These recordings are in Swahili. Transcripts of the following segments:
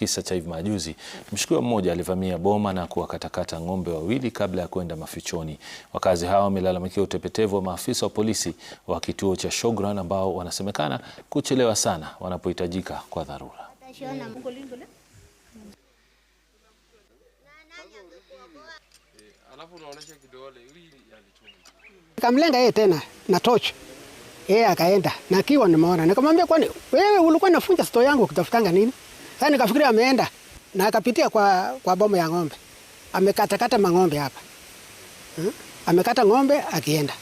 Kisa cha hivi majuzi, mshukiwa mmoja alivamia boma na kuwakatakata ng'ombe wawili kabla ya kwenda mafichoni. Wakazi hao wamelalamikia utepetevu wa maafisa wa polisi wa kituo cha Shogran ambao wanasemekana kuchelewa sana wanapohitajika kwa dharura. Kamlenga yeye tena na torch yeye akaenda na kiwa nimeona, nikamwambia kwani wewe ulikuwa nafunja store yangu kutafutanga nini? Sasa nikafikiria ameenda na akapitia kwa, kwa boma ya ng'ombe amekatakata mang'ombe hapa hmm? Amekata ng'ombe akienda.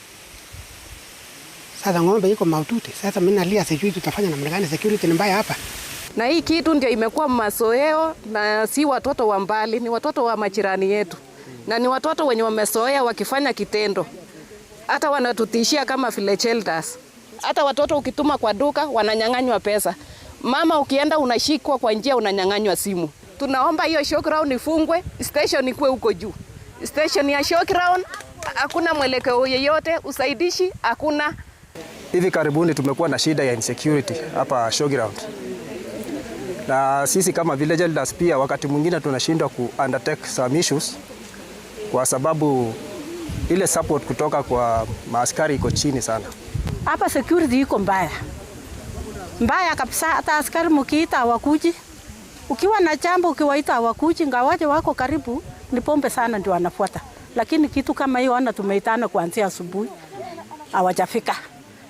Sasa ng'ombe iko maututi. Sasa mimi nalia, sijui tutafanya namna gani, security ni mbaya hapa na hii kitu ndio imekuwa masoeo, na si watoto wa mbali, ni watoto wa majirani yetu, na ni watoto wenye wamesoea wakifanya kitendo, hata wanatutishia kama vile elders. Hata watoto ukituma kwa duka wananyang'anywa pesa. Mama ukienda unashikwa kwa njia, unanyang'anywa simu. Tunaomba hiyo showground ifungwe, station ikuwe huko juu. Station ya showground hakuna mwelekeo yeyote, usaidishi hakuna. Hivi karibuni tumekuwa na shida ya insecurity hapa showground, na sisi kama village elders pia wakati mwingine tunashindwa ku undertake some issues kwa sababu ile support kutoka kwa maaskari iko chini sana. Hapa security iko mbaya mbaya kabisa. Hata askari mkiita hawakuji, ukiwa na jambo ukiwaita hawakuji, ngawaje wako karibu. Ni pombe sana ndio wanafuata, lakini kitu kama hiyo ana, tumeitana kuanzia asubuhi hawajafika,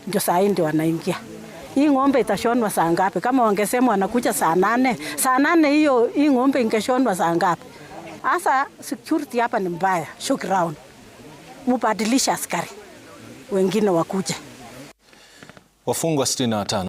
ndio saa hii ndio wanaingia. Hii ng'ombe itashonwa saa ngapi? Kama wangesema wanakuja saa nane, saa nane hiyo hii ng'ombe ingeshonwa saa ngapi? Hasa security hapa ni mbaya, shock round, mubadilisha askari wengine wakuja. Wafungwa 65